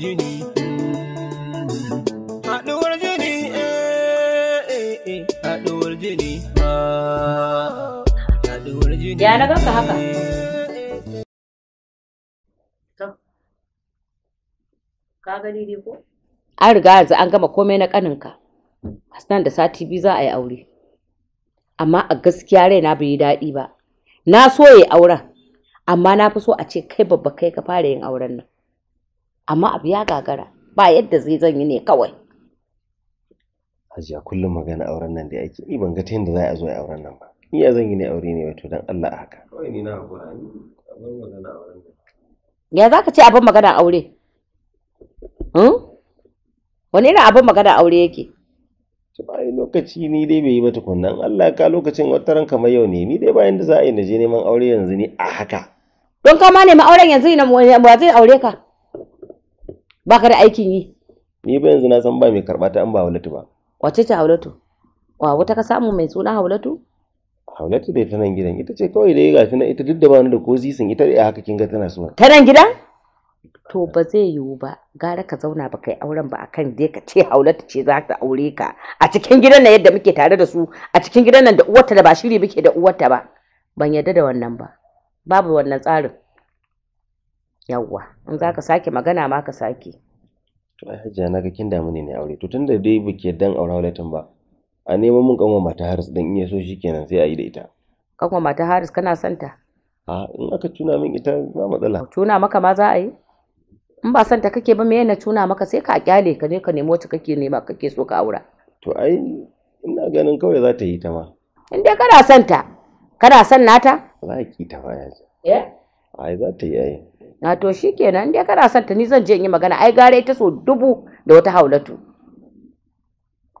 jini haɗuwar jini eh, eh, eh, haɗuwar jini haɗuwar jini ya na ganka haka ka gani an riga yanzu an gama komai na kaninka hasnan da sati biyu za a yi aure amma a gaskiya raina bai yi daɗi ba na so ya auren amma na fi so a ce kai babba kai ka fara yin auren nan amma abu ya gagara ba yadda zai zan yi ne kawai hajiya kullum magana auren nan da yake ni ban ga ta yadda za a zo a auren nan ba ni ya zan yi ne aure ne wato dan Allah a haka kawai ni na hakura ni abin magana auren ya za ka ce abin magana aure hmm? wani irin abin magana aure yake to ai lokaci ni dai bai yi ba tukunnan Allah ka lokacin wata ran kamar yau ne ni dai bayan da za a yi na je neman aure yanzu ne a haka don kama ma auren yanzu ne wa zai aure ka baka da aikin yi ni ba yanzu na san ba mai karɓa ta an ba Hawlatu ba wace ce Hawlatu wa wata ka samu mai suna Hawlatu Hawlatu dai ta nan gidan ita ce kawai dai gashi na ita duk da bani da ko zisin ita dai haka kin ga tana so ta nan gidan to ba zai yiwu ba gara ka zauna ba kai auren ba akan dai ka ce Hawlatu ce za ta aure ka a cikin gidan nan yadda muke tare da su a cikin gidan nan da uwarta da ba shiri muke da uwarta ba ban yarda da wannan ba babu wannan tsarin yawwa in eh. za ka sake magana ma ka sake to ai hajiya na ga kin damu ne ne aure to tunda dai buke dan aure walatin ba a neman mun kanwa mata Haris dan iya so shikenan sai a yi da ita kanwa mata Haris kana son ta a in aka tuna min ita ba matsala tuna maka ma za a yi in ba son ta kake ba me yana tuna maka sai ka kyale ka ne ka nemo ta kake nema kake so ka aura to ai ina ganin kawai za ta yi ta ma in dai kana son ta kana son nata za ki ta ba yanzu eh ai za ta yi ai na to shi kenan dai kana son ta ni zan je in yi magana ai gare ita so dubu da wata haulatu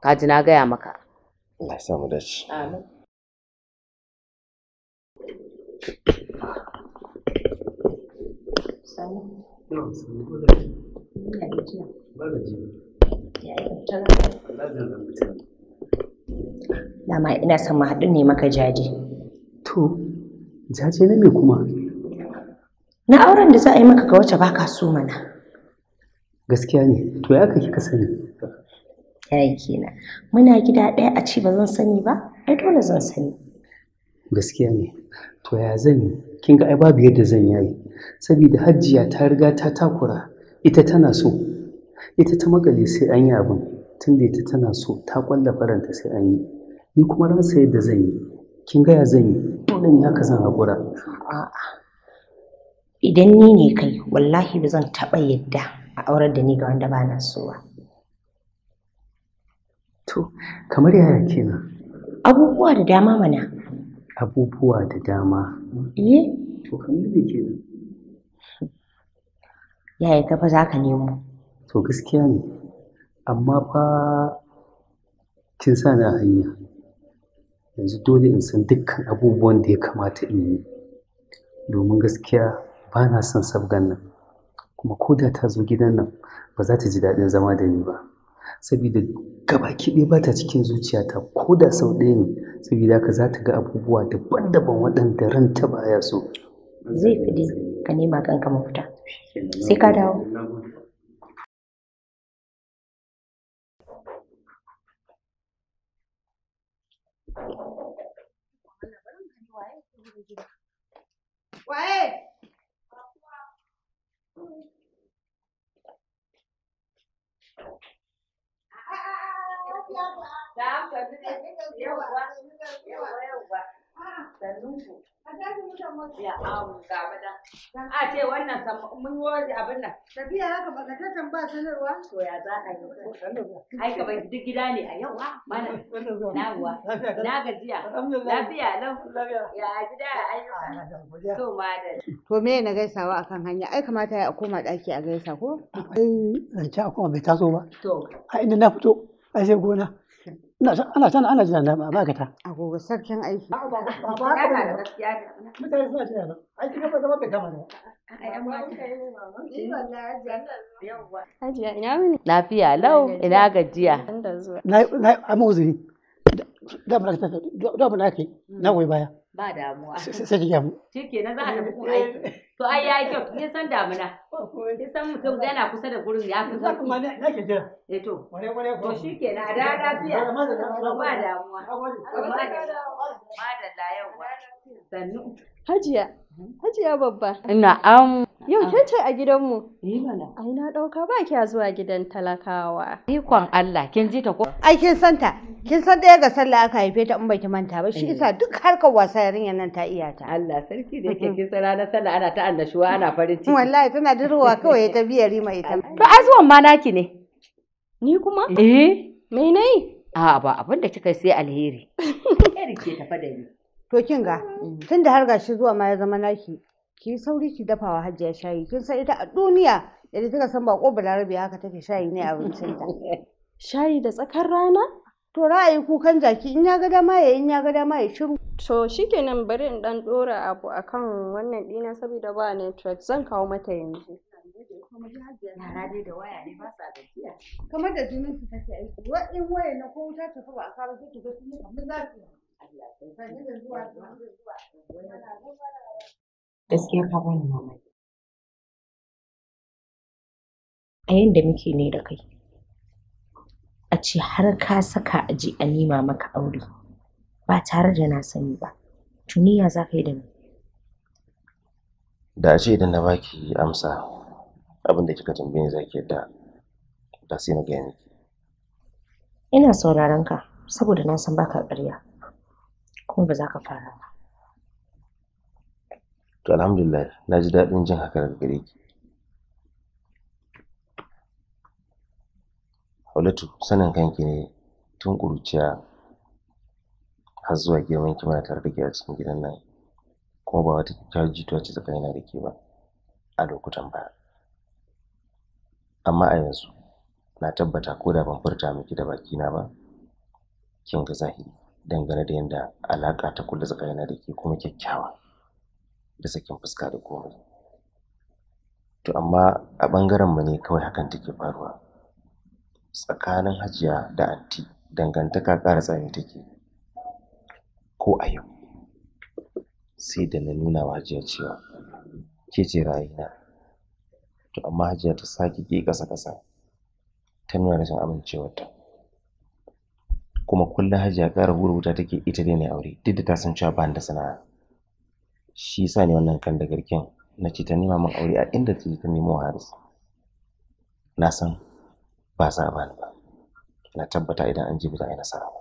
ka ji na gaya maka Allah ya samu dace amin Dama ina son mu haɗu ne maka jaje. To, jaje na me kuma? na auren da za a yi maka ga wacce baka so mana gaskiya ne to ya kai ka sani yayi kenan muna gida ɗaya a ci ba zan sani ba ai dole zan sani gaskiya ne to ya zan yi kin ga ai babu yadda zan yayi saboda hajjiya ta riga ta takura ita tana so ita ta makale sai an yi abin tunda ita tana so ta kwalla faranta sai an yi ni kuma sai yadda zan yi kin ga ya zan yi dole ne haka zan haƙura a'a idan ni ne kai wallahi ba zan taɓa yadda a aurar da ni ga wanda ba na so ba to kamar yaya kenan abubuwa da dama mana abubuwa da dama eh to kamar me kenan yaya kafa za ka nemo to gaskiya ne amma fa kin sa na hanya yanzu dole in san dukkan abubuwan da ya kamata in yi domin gaskiya ba na son sabgan nan kuma ko da ta zo gidan nan ba za ta ji daɗin zama da ni ba saboda gabaki ɗaya ba ta cikin zuciyata ko da sau ɗaya ne saboda haka za ta ga abubuwa daban-daban waɗanda ran ta baya so zai fi ka nema kanka mafita sai ka dawo Dá, dá, dá. Ya A ce wannan mun wani abin nan. Tafiya haka ba katatan ba sanarwa? To ya za a yi. Ai kamar duk gida ne a yau wa mana. Na'uwa. Na gajiya. Lafiya lau. Ya gida a ayyuka. To madal. To me na gaisawa akan hanya? Ai kamata ya koma ɗaki a gaisa ko? Ai zance a koma bai taso ba. To. Ai inda na fito. Ai sai gona. ana tana ana jina ta. a Agogo sarkin aiki. Ba ba ba ba da gaskiya ne. Mutane suna na. Aiki ba zama bai kama da. Lafiya lau ina gajiya. Na yi amma uzuri. Da Na goyi baya. Ba damuwa. Sai ki ga za a tafi aiki. Eh, To ai ya kyau, kin san damuna. Kin san mutum yana kusa da gurin ya fi sauki. Kuma na ke jira. Eh to. Kware kware ko. To shikenan a da lafiya. Ba damuwa. Ba da la Sannu. Hajiya, Hajiya babba. Na'am. Yau ke ce a gidanmu? Ni eh mana. Ai na ɗauka ba kiya zuwa gidan talakawa. Ikon Allah kin ji ta ko? Ai kin san ta. Kin san ɗaya ga sallah aka haife ta in baki manta ba shi eh. isa duk harkar wasa yarinyar nan ta iya ta. Allah sarki da yake kin sana na sallah ana ta annashuwa ana farin ciki. Wallahi tana dirwa kawai ta biya rima ita. To ai zuwan ma naki ne. Ni kuma? Eh. Me nayi? A'a ba abin da kika sai alheri. Alheri ta tafa da ni. to kin ga mm-hmm. tun da har gashi zuwa ma ya zama naki ki sauri ki dafa wa ya shayi kin san ita a duniya yadda kika san bako balarabe haka take shayi ne a abincin ta shayi da tsakar rana to ra'ayi kukan jaki in ya ga dama ya in ya ga dama ya shiru to shikenan bari in dan dora abu akan wannan dina saboda ba network zan kawo mata yanzu da waya ne ba kamar da jinin su take aiki wa in waya na ko wuta ta ba a kawo ta ba ga sun kamar za su Gaskiya ka bani mamaki. A yadda muke ne da kai, a ce har ka saka a je a nema maka aure ba tare da na sani ba, to ya za ka yi da ni? Da a ce idan na baki amsa abin da kika tambaye ni za ki yadda da sai na gaya miki. Ina sauraron ka saboda na san baka ƙarya. kuma ba za ka fara ba to alhamdulillah na ji daɗin jin haka daga gare ki Haulatu sanin kanki ne tun ƙuruciya har zuwa girman ki muna tare da ke a cikin gidan nan kuma ba wata kyakkyawar jituwa ce tsakanina da ke ba a lokutan baya amma a yanzu na tabbata ko da ban furta miki da baki na ba kin ga zahiri dangane da yadda alaƙa ta kulle tsakanina da ke kuma kyakkyawa da sakin fuska da komai to amma a ɓangaren mu ne kawai hakan take faruwa tsakanin hajiya da anti dangantaka ƙara tsami take ko a yau sai da na nuna wa hajiya cewa ke ce rayina to amma hajiya ta sake ƙi ƙasa-ƙasa ta nuna rashin amincewarta kuma kullum hajiya ƙara hura wuta take ita dai ne aure duk da ta san cewa ba da sana'a shi yasa ne wannan kan da garken na ce ta nema min aure a inda ta ta nemo haris na san ba za a bani ba na tabbata idan an ji ba za a yi nasara ba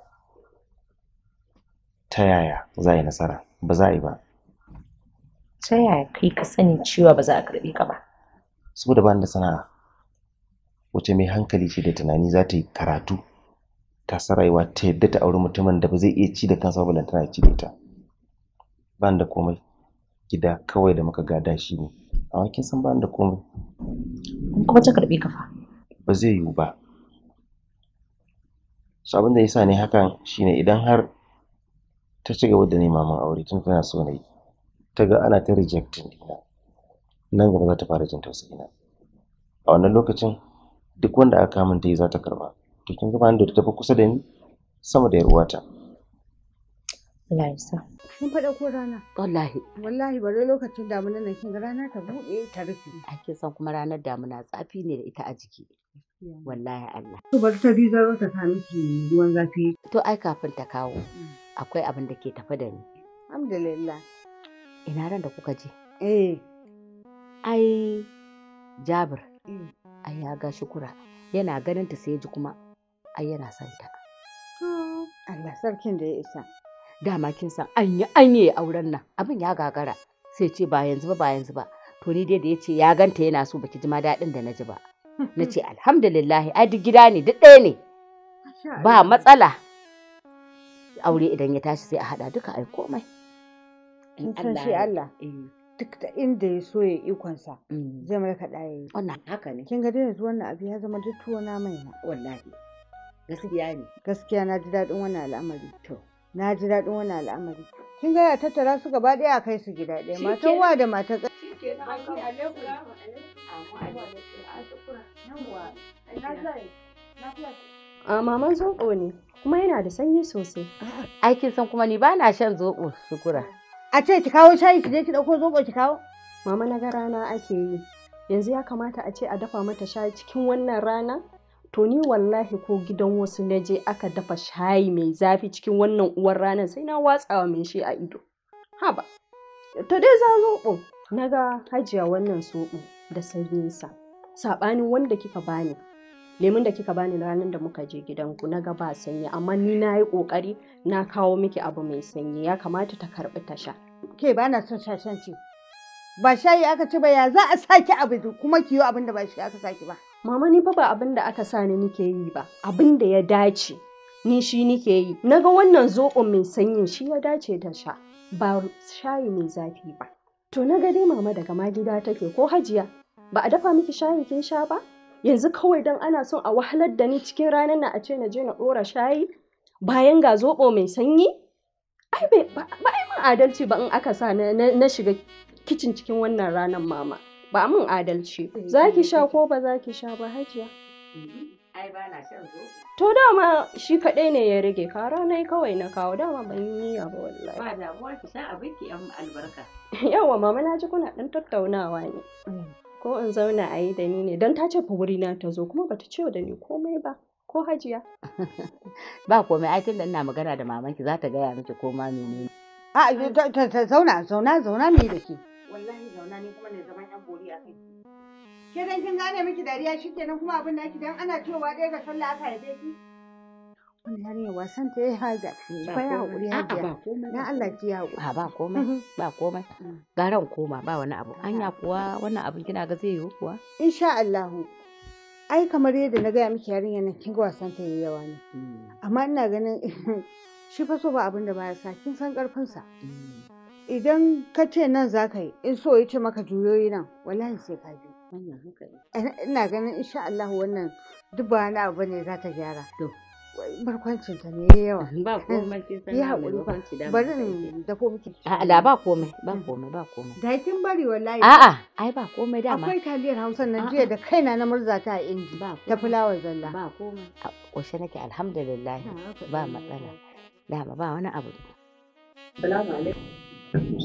ta yaya za a yi nasara ba za a yi ba ta yaya kai ka sani cewa ba za a karɓe ka ba saboda ba da sana'a wace mai hankali ce da tunani za ta yi karatu tasar rayuwa ta yadda ta auri mutumin da ba zai iya ci da kansa ba tana ci da ita ba da komai gida kawai da muka gada shi ne amma kin san ba da komai kuma ta karbe ka fa ba zai yiwu ba so abin da yasa ne hakan shine idan har ta ci gaba da neman aure tun tana so na yi ta ga ana ta rejecting dina nan gaba za ta fara jin tausayi na a wannan lokacin duk wanda aka min ta yi za ta karba to kin ga da ta fi kusa da ni sama da yar uwata Allah ya sa mun faɗa ko rana wallahi wallahi bare lokacin damuna nan kin ga rana ta buɗe ta rufe Ake san kuma ranar damuna tsafi ne da ita a jiki wallahi Allah to bari ta bi zaro ta sa miki ruwan zafi to ai kafin ta kawo mm. akwai abin da ke tafi da ni alhamdulillah ina ran da kuka je eh ai jabir mm. ai ya ga shukura yana ganin ta sai ji kuma ai yana son ta Allah sarkin da ya isa dama kin san an yi an yi auren nan abin ya gagara sai ce ba yanzu ba ba yanzu ba to ni dai da yace ya ganta yana so baki ji ma dadin da na ji ba na ce alhamdulillah ai duk gida ne duk ɗaya ne ba matsala aure idan ya tashi sai a hada duka ai komai in shi Allah eh. duk da inda ya so ya ikonsa mm. zai mai kaɗa ya yi wannan haka ne kin ga dai yanzu wannan abu ya zama duk tuwo na mai wallahi gaskiya ne gaskiya na ji daɗin wannan al'amari to na ji daɗin wannan al'amari kin ga ya tattara su gaba ɗaya a kai su gida ɗaya matan wa da matan tsa a maman zoɓo ne kuma yana da sanyi sosai aikin san kuma ni ba na shan zoɓo kura. a ce ki kawo shayi ki je ki ɗauko zoɓo ki kawo mama na ga rana ake yi yanzu ya kamata a ce a dafa mata shayi cikin wannan rana to ni wallahi ko gidan wasu na je aka dafa shayi mai zafi cikin wannan uwar ranar sai na watsawa mai shi a ido haba to dai za zoɓo na ga hajiya wannan soɓo da sanyinsa saɓanin wanda kika bani lemun da kika bani ranar da muka je gidanku na ga ba sanyi amma ni na yi ƙoƙari na kawo miki abu mai sanyi ya kamata ta karɓi ta sha ke ba na son shashanci ba shayi aka ci ba ya za a saki abu kuma kiyo abin da ba shi aka saki ba mama ni ba abin da aka sani nike yi ba abin da ya dace ni shi nike yi naga wannan zoɓo mai sanyin shi ya dace da sha ba shayi mai zafi ba to na ga dai mama daga Magida gida take ko hajiya ba a dafa miki shayin kin sha ba yanzu kawai dan ana son a wahalar da ni cikin ranar na a ce na je na ɗora shayi bayan ga zoɓo mai sanyi ai ba ai min adalci ba in aka sa na shiga kicin cikin wannan ranar mama ba min adalci eh, za ki eh, sha eh. ko ba za ki sha ba hajiya mm-hmm. to dama shi kaɗai ne ya rage kara nai kawai na kawo dama ban yi niyya ba wallahi ba damuwa ki sha abin ki yan albarka yawa mama na ji kuna ɗan tattaunawa ne mm. ko in zauna a yi da ni ne don ta ce fa wuri na ta zo kuma bata ce da ni komai ba ko hajiya ba komai ai tunda ina magana da mamanki za ta gaya miki ko ma menene a zauna zauna zauna me da ke ni kuma ne zaman yan bori a kai ke dan kin gane miki dariya shikenan kuma abin naki dan ana cewa ɗaya ga sallah aka haife ki wani yarinya wasan ta yi haja ba ya haƙuri hajiya na Allah ki ya haƙuri ba komai mhm. ba komai mm. garan koma ba wani abu anya kuwa wannan abin kina ga zai yiwu kuwa insha Allah ai kamar yadda na gaya miki yarinya nan kin ga wasan ta yi yawa ne mm. amma ina ganin shi fa so ba abin da ba ya sa kin san ƙarfinsa. Mm. idan ka ce nan za ka yi in so ya ce maka juyoyi nan wallahi sai ka ji eh, ina ganin insha Allah wannan duk ba wani abu ne za ta gyara barkwancin ta ne yawa ba komai ya barkwanci da bari in dafo miki a ba komai ba komai ba komai da kin bari wallahi a'a ai ba komai dama akwai taliyar Hausa nan jiya da kaina na murza ta a inji ta fulawar zalla ba komai koshe nake alhamdulillah ba matsala dama ba wani abu Salamu alaikum. Gaskiya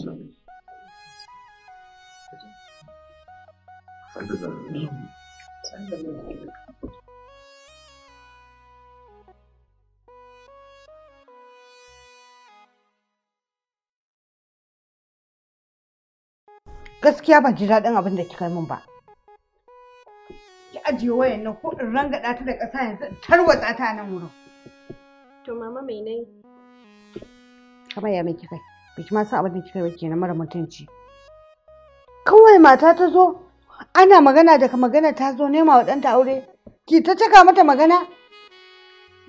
ban ji daɗin abin da kika yi min ba. Ki ajiye wayan nan ko in rangaɗa ta da ƙasa yanzu tarwatsa ta nan wurin. To mama mai nai. Kamar ya miki kai. biki ma san abin da kika yi kenan mara mutunci kawai mata ta zo ana magana daga magana ta zo nema wa ɗanta aure ki ta caka mata magana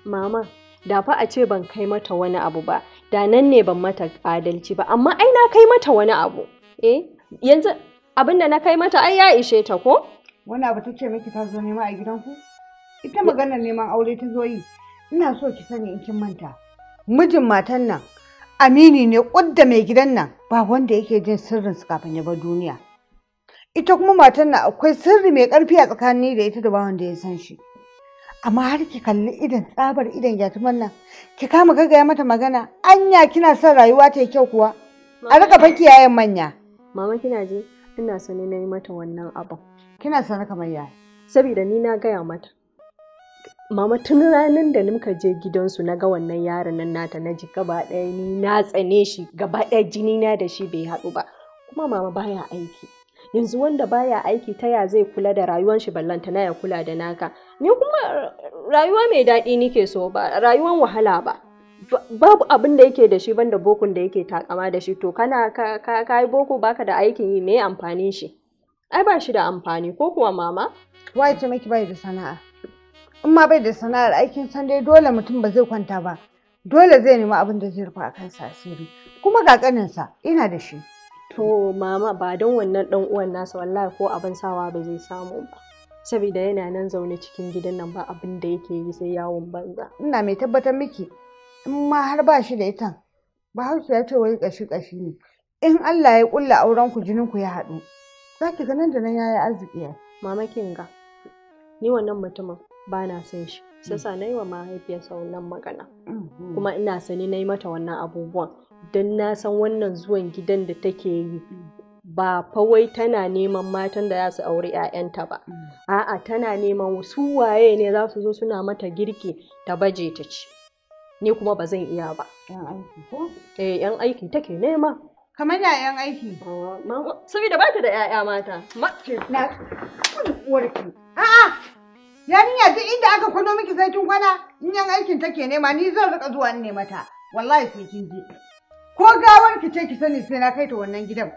mama da fa a ce ban kai mata wani abu ba da nan ne ban mata adalci ba amma ai na kai mata wani abu eh yanzu abin da na kai mata ai ya ishe ta ko wani abu ta ce miki ta zo nema a gidanku ita maganar neman aure ta zo yi ina so ki sani in kin manta mijin matan nan amini ne ƙudda mai gidan nan ba wanda yake jin sirrin su kafin ya bar duniya ita kuma matan nan akwai sirri mai ƙarfi a tsakanin da ita da ba wanda ya san shi amma har ki kalli idan tsabar idan yatuman nan ki kama gaggaya mata magana anya kina son rayuwa ta kyau kuwa a rika fa kiyayen manya mama kina je ina so ne na yi mata wannan abin kina son kamar yaya saboda ni na gaya mata Mama tun ranar da muka je gidansu na ga wannan yaron nan nata na ji gaba ɗaya ni na tsane shi gaba ɗaya jini na da shi bai haɗu ba kuma mama baya aiki yanzu wanda baya aiki ta ya zai kula da rayuwan shi ballanta na ya kula da naka ni kuma rayuwa mai daɗi nike so ba Rayuwan wahala ba babu abin da yake da shi banda bokun da yake takama da shi to kana ka ka yi boko baka da aikin yi me amfanin shi ai ba shi da amfani ko kuwa mama wai ce miki bai da sana'a in ma bai da sana'ar aikin san dole mutum ba zai kwanta ba dole zai nemi abin da zai rufa a kansa asiri kuma ga kaninsa ina da shi to mama ba don wannan dan uwan nasa wallahi ko abin sawa ba zai samu ba saboda yana nan zaune cikin gidan nan ba abin da yake yi sai yawon banza ina mai tabbatar miki in ma har ba shi da ita bahaushe ya ce wai kashi kashi ne in Allah ya kulla auren ku jinin ku ya haɗu Zaki ganin ga nan da nan yayi arziki ya mama kinga ni wannan mutumin ba na son shi Sasa mm. na yi wa mahaifiyarsa wannan magana mm-hmm. kuma ina sani na yi mata wannan abubuwan don na san wannan zuwan gidan da take yi mm. ba fawai tana neman matan da za su aure 'ya'yanta ba mm. a'a tana neman su waye ne za su zo suna mata girki ta baje ta ci ni kuma ba zan iya ba eh yan aiki take nema kamar da yan aiki saboda ba ta da 'ya'ya mata na uwarki a'a Yarinya duk inda aka kwado miki sai kwana in yan aikin take nema ni zan rika zuwa in nema ta. Wallahi sai kin je. Ko gawar ki ce ki sani sai na kai ta wannan gidan.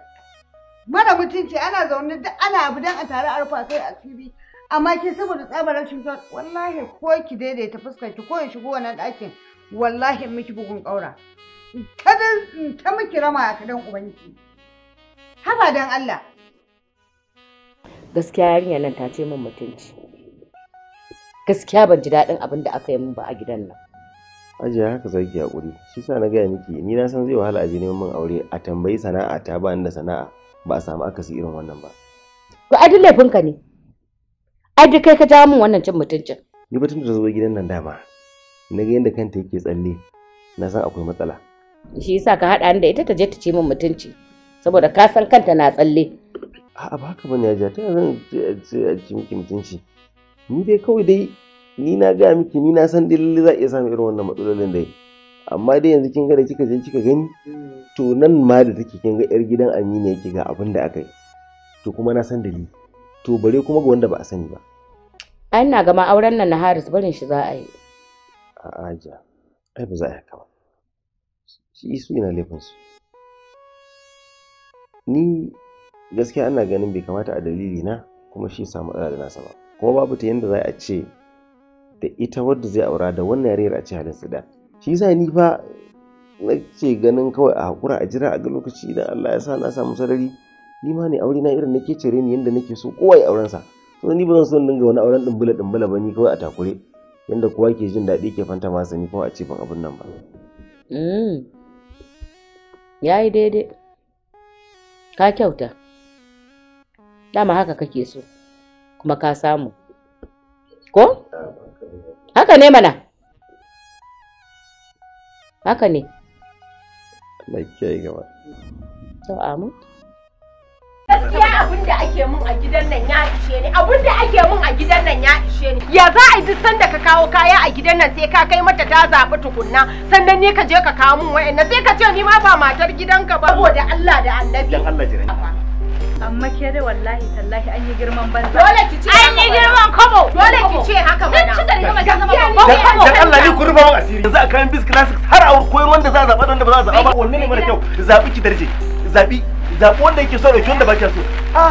Mara mutunci ana zaune duk ana abu dan a tare arfa sai asibi. Amma ke saboda tsabar rashin son wallahi ko ki daidaita fuskar ki ko in shigo wannan ɗakin wallahi miki bugun ƙaura. da ta miki rama a dan ubanki. Haba dan Allah. Gaskiya yarinya nan ta ce min mutunci. gaskiya ban ji daɗin abin da aka yi min ba a gidan nan Aje haka zaki hakuri shi sa na gaya miki ni na san zai wahala a neman min aure a tambayi sana'a ta ba ni da sana'a ba a samu akasi irin wannan ba to ai laifinka ne ai kai ka jawo min wannan cin mutuncin ni batun da ta zo gidan nan dama na ga yadda kanta yake tsalle na san akwai matsala shi yasa ka haɗa ni da ita ta je ta ci min mutunci saboda ka san kanta na tsalle a'a ba haka bane ya ja ta zan ci miki mutunci ni dai kawai dai ni na gaya miki ni na san dalilin za a iya samun irin wannan matsalolin dai amma dai yanzu kin ga da kika je kika gani to nan ma da take kin ga yar gidan Aminu yake ga abin da aka yi to kuma na san dalili to bare kuma ga wanda ba a sani ba ai ina gama auren nan na Haris barin shi za a yi a'a ja ai ba za a yi ka ba shi isu ina laifin su ni gaskiya ana ganin bai kamata a dalili na kuma shi samu matsala da nasa ba kuma babu ta yanda za a ce da ita wadda zai aura da wannan yarayyar a ce halin su da shi yasa ni fa na ce ganin kawai a hakura a jira a ga lokaci idan Allah ya sa na samu sarari ni ma ne aure na irin nake cire ni yanda nake so kowa ya auren sa so ni ba zan so dinga wani auren dimbula dimbula ba ni kawai a takure yanda kowa ke jin daɗi ke fanta masa ni kawai a ce ban abun nan ba mm. ya yi daidai ka kyauta dama haka kake so kuma ka samu ko haka ne mana haka ne mai kiyaye gaba to amu gaskiya abin da ake mun a gidan nan ya ishe ni abin da ake mun a gidan nan ya ishe ni ya za a yi sanda ka kawo kaya a gidan nan sai ka kai mata ta zaɓi tukunna sannan ne ka je ka kawo mun wa'annan sai ka ce ni ma ba matar gidanka ba saboda Allah da Annabi dan Allah amma ke dai wallahi tallahi an yi girman banza dole ki ce an yi girman kobo dole ki ce haka ba sun ci da rigama ta zama babban kobo dan Allah ni ku rufa mun asiri yanzu a kayan bis classics har a koyi wanda za a zaba wanda ba za a zaba ba wanne ne mara kyau zabi ki darje zabi zabi wanda yake so da wanda ba ke so ah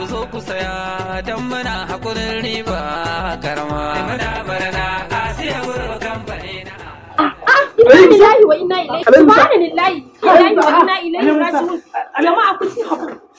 ku zo ku saya don muna hakurin riba karama. Muna barana a siya wurin kamfani na. A'a, wa inna ilaihi subhanallahi wa inna ilaihi raji'un jama'a ku ci hakuri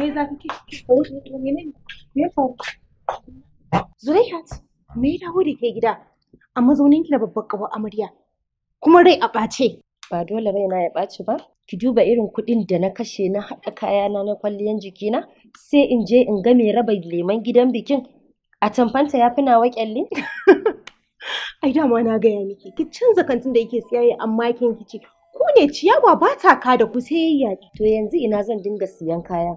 me za me faru Zulaihat me ke gida a mazaunin ki da babbar kawo amarya kuma rai a ɓace ba dole raina ya ɓaci ba ki duba irin kuɗin da na kashe na haɗa kayana na kwalliyan jikina sai in je in ga mai raba leman gidan bikin a tamfanta ya fi nawa ƙyalli? ai dama na gaya miki ki canza kantin da yake siyayya amma kin kici ku ne ciyawa ba ta ka da ku sai yayi to yanzu ina zan dinga siyan kaya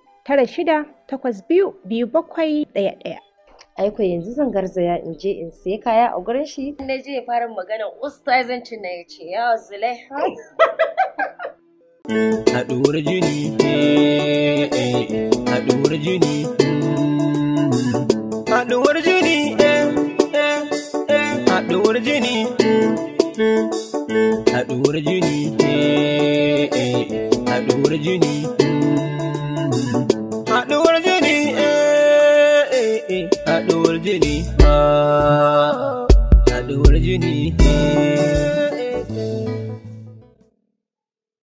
tara shida takwas biyu biyu bakwai ɗaya ɗaya. Aiko yanzu zan garzaya in je in sai kaya a gurin shi. Na je ya fara magana ustazancin na ya ce ya zulai. Eh, eh, haɗuwar jini, haɗuwar jini, eh, haɗuwar jini, haɗuwar jini, haɗuwar jini, haɗuwar jini.